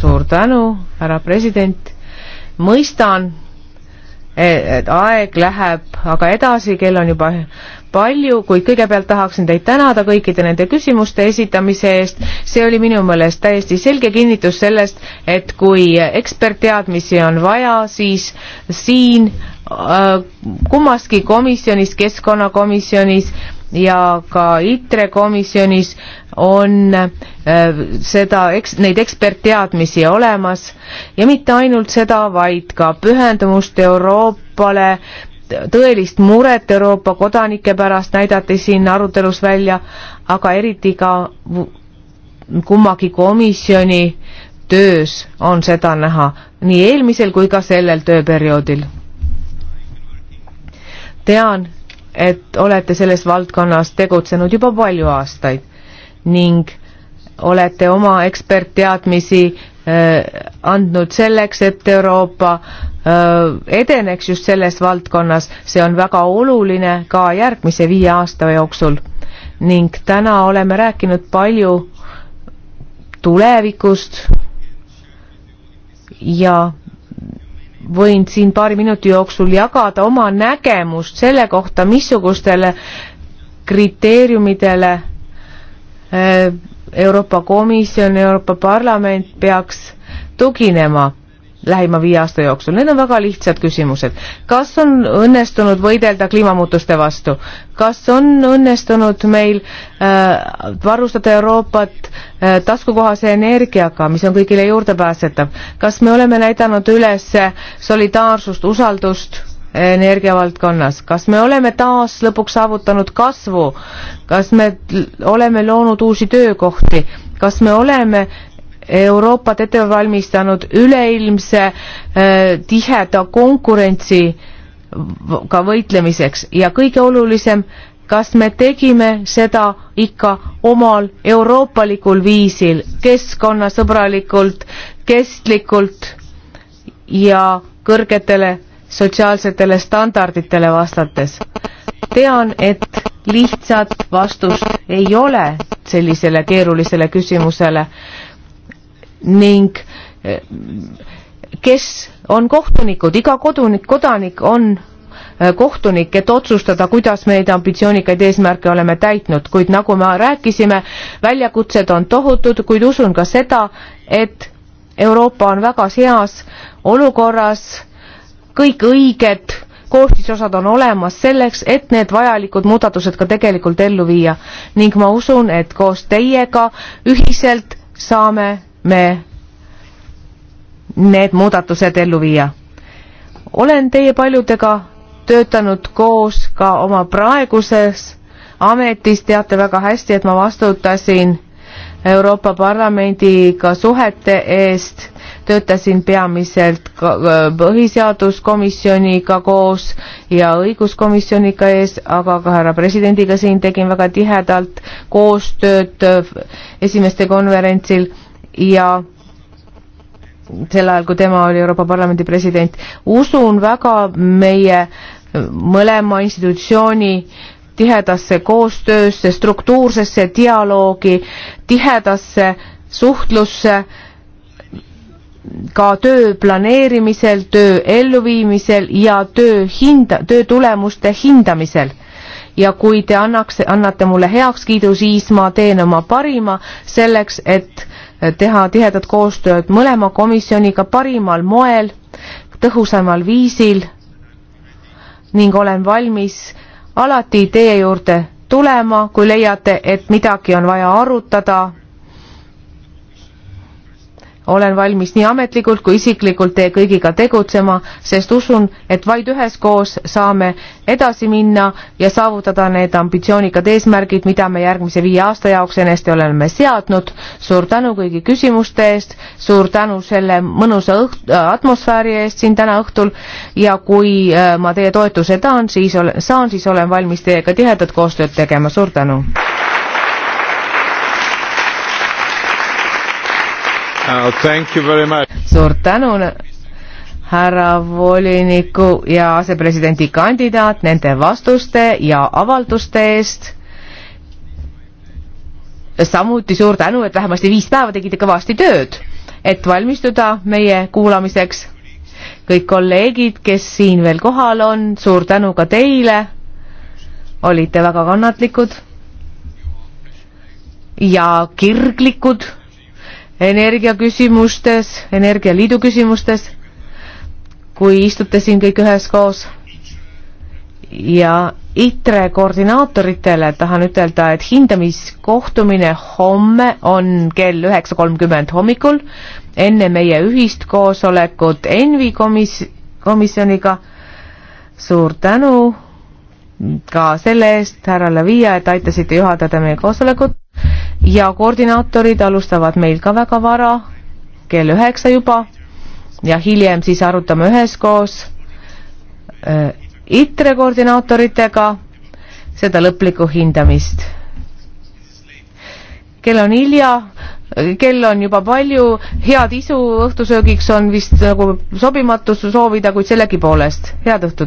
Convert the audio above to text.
suur tänu, härra president. mõistan, e, et aeg läheb aga edasi, kell on juba palju, kuid kõigepealt tahaksin teid tänada kõikide nende küsimuste esitamise eest. see oli minu meelest täiesti selge kinnitus sellest, et kui ekspertteadmisi on vaja, siis siin äh, kummaski komisjonis, keskkonnakomisjonis ja ka ITRE komisjonis on äh, seda, eks neid ekspertteadmisi olemas ja mitte ainult seda, vaid ka pühendumust Euroopale, tõelist muret Euroopa kodanike pärast näidati siin arutelus välja, aga eriti ka kummagi komisjoni töös on seda näha nii eelmisel kui ka sellel tööperioodil. tean, et olete selles valdkonnas tegutsenud juba palju aastaid ning olete oma ekspertteadmisi äh, andnud selleks, et Euroopa äh, edeneks just selles valdkonnas, see on väga oluline ka järgmise viie aasta jooksul. ning täna oleme rääkinud palju tulevikust ja võin siin paari minuti jooksul jagada oma nägemust selle kohta, missugustele kriteeriumidele eh, Euroopa Komisjon, Euroopa Parlament peaks tuginema lähima viie aasta jooksul? Need on väga lihtsad küsimused. kas on õnnestunud võidelda kliimamuutuste vastu? kas on õnnestunud meil äh, varustada Euroopat äh, taskukohase energiaga, mis on kõigile juurdepääsetav? kas me oleme näidanud üles solidaarsust, usaldust? energiavaldkonnas, kas me oleme taas lõpuks saavutanud kasvu, kas me oleme loonud uusi töökohti, kas me oleme Euroopat ette valmistanud üleilmse äh, tiheda konkurentsiga võitlemiseks ja kõige olulisem, kas me tegime seda ikka omal euroopalikul viisil, keskkonnasõbralikult, kestlikult ja kõrgetele sotsiaalsetele standarditele vastates. tean, et lihtsat vastust ei ole sellisele keerulisele küsimusele ning eh, kes on kohtunikud, iga kodunik, kodanik on eh, kohtunik, et otsustada, kuidas me neid ambitsioonikaid eesmärke oleme täitnud, kuid nagu me rääkisime, väljakutsed on tohutud, kuid usun ka seda, et Euroopa on väga heas olukorras, kõik õiged koostisosad on olemas selleks, et need vajalikud muudatused ka tegelikult ellu viia ning ma usun, et koos teiega ühiselt saame me need muudatused ellu viia. olen teie paljudega töötanud koos ka oma praeguses ametis, teate väga hästi, et ma vastutasin Euroopa Parlamendiga suhete eest, töötasin peamiselt äh, põhiseaduskomisjoniga koos ja õiguskomisjoniga ees, aga ka härra presidendiga siin tegin väga tihedalt koostööd äh, esimeste konverentsil ja sel ajal, kui tema oli Euroopa Parlamendi president. usun väga meie mõlema institutsiooni tihedasse koostöösse, struktuursesse dialoogi, tihedasse suhtlusse, ka töö planeerimisel, töö elluviimisel ja töö hinda, töö tulemuste hindamisel ja kui te annaks, annate mulle heakskiidu, siis ma teen oma parima selleks, et teha tihedat koostööd mõlema komisjoniga parimal moel, tõhusamal viisil ning olen valmis alati teie juurde tulema, kui leiate, et midagi on vaja arutada olen valmis nii ametlikult kui isiklikult teie kõigiga tegutsema, sest usun, et vaid üheskoos saame edasi minna ja saavutada need ambitsioonikad eesmärgid, mida me järgmise viie aasta jaoks eneste oleme seadnud. suur tänu kõigi küsimuste eest, suur tänu selle mõnusa õht-, atmosfääri eest siin täna õhtul ja kui äh, ma teie toetuse tahan, siis olen, saan, siis olen valmis teiega tihedat koostööd tegema, suur tänu! Uh, suur tänu, härra voliniku ja asepresidendi kandidaat nende vastuste ja avalduste eest. samuti suur tänu, et vähemasti viis päeva tegite kõvasti tööd, et valmistuda meie kuulamiseks. kõik kolleegid, kes siin veel kohal on, suur tänu ka teile. olite väga kannatlikud ja kirglikud energiaküsimustes, energialiidu küsimustes, kui istute siin kõik üheskoos ja ITRE koordinaatoritele tahan ütelda, et hindamiskohtumine homme on kell üheksa kolmkümmend hommikul enne meie ühist koosolekut ENVI komis-, komisjoniga. suur tänu ka selle eest, härra Lavia, et aitasite juhatada meie koosolekut ja koordinaatorid alustavad meil ka väga vara, kell üheksa juba ja hiljem siis arutame üheskoos äh, ITRE koordinaatoritega seda lõplikku hindamist. kell on hilja, kell on juba palju, head isu õhtusöögiks on vist nagu sobimatus soovida, kuid sellegipoolest head õhtut.